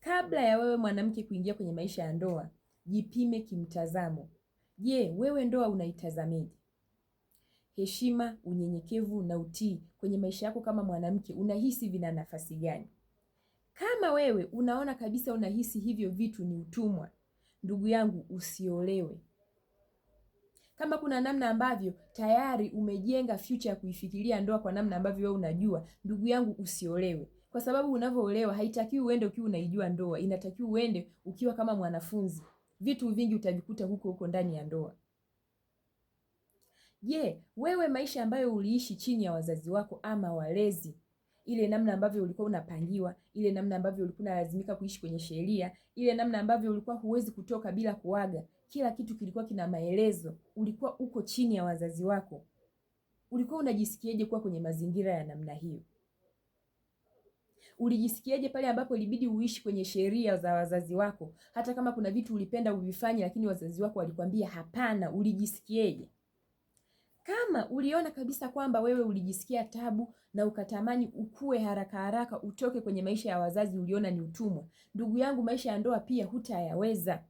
Kabla ya wewe mwanamke kuingia kwenye maisha ya ndoa, jipime kimtazamo. Je, wewe ndoa unaitazameje? Heshima, unyenyekevu na utii kwenye maisha yako kama mwanamke unahisi vina nafasi gani? Kama wewe unaona kabisa, unahisi hivyo vitu ni utumwa, ndugu yangu, usiolewe. Kama kuna namna ambavyo tayari umejenga future ya kuifikiria ndoa kwa namna ambavyo wewe unajua, ndugu yangu, usiolewe kwa sababu unavyoolewa haitakiwi uende ukiwa unaijua ndoa, inatakiwa uende ukiwa kama mwanafunzi. Vitu vingi utavikuta huko huko ndani ya ndoa. Je, wewe maisha ambayo uliishi chini ya wazazi wako ama walezi, ile namna ambavyo ulikuwa unapangiwa, ile namna ambavyo ulikuwa unalazimika kuishi kwenye sheria, ile namna ambavyo ulikuwa huwezi kutoka bila kuaga, kila kitu kilikuwa kina maelezo. Ulikuwa uko chini ya wazazi wako, ulikuwa unajisikiaje kuwa kwenye mazingira ya namna hiyo? Ulijisikiaje pale ambapo ilibidi uishi kwenye sheria za wazazi wako, hata kama kuna vitu ulipenda uvifanye, lakini wazazi wako walikwambia hapana? Ulijisikiaje? Kama uliona kabisa kwamba wewe ulijisikia tabu na ukatamani ukue haraka haraka, utoke kwenye maisha ya wazazi, uliona ni utumwa, ndugu yangu, maisha ya ndoa pia hutayaweza,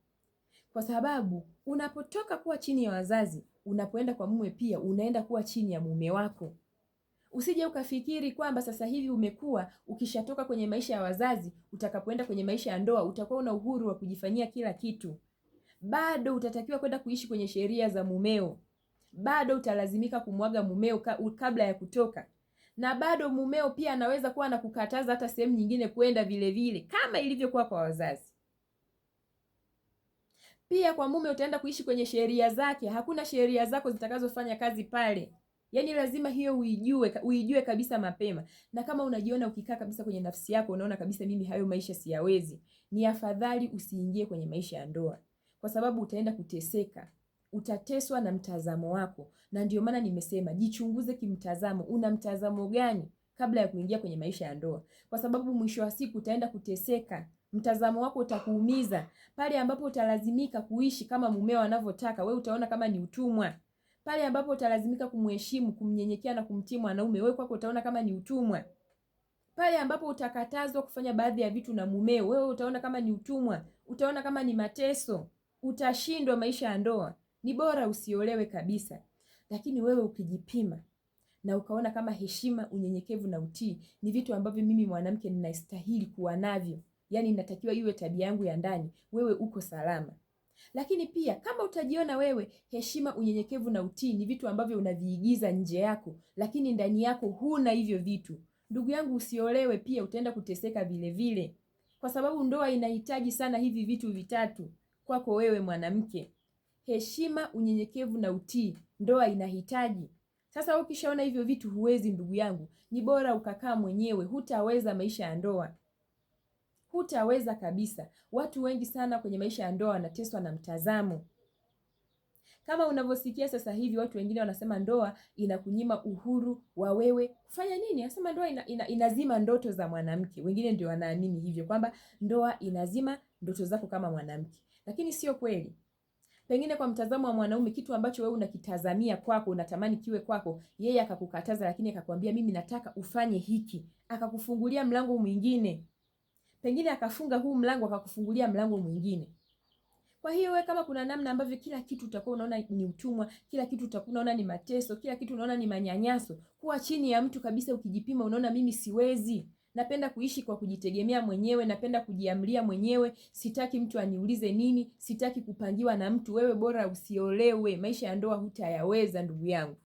kwa sababu unapotoka kuwa chini ya wazazi, unapoenda kwa mume, pia unaenda kuwa chini ya mume wako. Usije ukafikiri kwamba sasa hivi umekuwa ukishatoka kwenye maisha ya wazazi, utakapoenda kwenye maisha ya ndoa utakuwa una uhuru wa kujifanyia kila kitu. Bado utatakiwa kwenda kuishi kwenye sheria za mumeo, bado utalazimika kumwaga mumeo kabla ya kutoka, na bado mumeo pia anaweza kuwa anakukataza hata sehemu nyingine kwenda vile vile, kama ilivyokuwa kwa wazazi. Pia kwa mume utaenda kuishi kwenye sheria zake, hakuna sheria zako zitakazofanya kazi pale. Yaani lazima hiyo uijue, uijue kabisa mapema. Na kama unajiona ukikaa kabisa kwenye nafsi yako unaona kabisa mimi hayo maisha siyawezi, ni afadhali usiingie kwenye maisha ya ndoa. Kwa sababu utaenda kuteseka. Utateswa na mtazamo wako. Na ndio maana nimesema jichunguze kimtazamo, una mtazamo gani kabla ya kuingia kwenye maisha ya ndoa. Kwa sababu mwisho wa siku utaenda kuteseka. Mtazamo wako utakuumiza. Pale ambapo utalazimika kuishi kama mumeo anavyotaka, we utaona kama ni utumwa. Pale ambapo utalazimika kumheshimu, kumnyenyekea na kumtii mwanaume, wewe kwako utaona kama ni utumwa. Pale ambapo utakatazwa kufanya baadhi ya vitu na mumeo, wewe utaona kama ni utumwa, utaona kama ni mateso, utashindwa maisha ya ndoa. Ni bora usiolewe kabisa. Lakini wewe ukijipima na ukaona kama heshima, unyenyekevu na utii ni vitu ambavyo mimi mwanamke ninastahili kuwa navyo, yani inatakiwa iwe tabia yangu ya ndani, wewe uko salama. Lakini pia kama utajiona wewe, heshima, unyenyekevu na utii ni vitu ambavyo unaviigiza nje yako, lakini ndani yako huna hivyo vitu, ndugu yangu, usiolewe. Pia utaenda kuteseka vile vile, kwa sababu ndoa inahitaji sana hivi vitu vitatu kwako wewe mwanamke: heshima, unyenyekevu na utii. Ndoa inahitaji sasa. Ukishaona hivyo vitu huwezi, ndugu yangu, ni bora ukakaa mwenyewe, hutaweza maisha ya ndoa hutaweza kabisa. Watu wengi sana kwenye maisha ya ndoa wanateswa na mtazamo. Kama unavyosikia sasa hivi watu wengine wanasema ndoa inakunyima uhuru wa wewe kufanya nini? Anasema ndoa ina, ina, inazima ndoto za mwanamke. Wengine ndio wanaamini hivyo kwamba ndoa inazima ndoto zako kama mwanamke, lakini sio kweli. Pengine kwa mtazamo wa mwanaume, kitu ambacho wewe unakitazamia kwako, unatamani kiwe kwako, yeye akakukataza, lakini akakwambia mimi nataka ufanye hiki, akakufungulia mlango mwingine pengine akafunga huu mlango akakufungulia mlango mwingine. Kwa hiyo wewe kama kuna namna ambavyo kila kitu utakuwa unaona ni utumwa, kila kitu utakuwa unaona ni mateso, kila kitu unaona ni manyanyaso, kuwa chini ya mtu kabisa, ukijipima unaona mimi siwezi. Napenda kuishi kwa kujitegemea mwenyewe, napenda kujiamlia mwenyewe, sitaki mtu aniulize nini, sitaki kupangiwa na mtu. Wewe bora usiolewe, maisha ya ndoa hutayaweza ndugu yangu.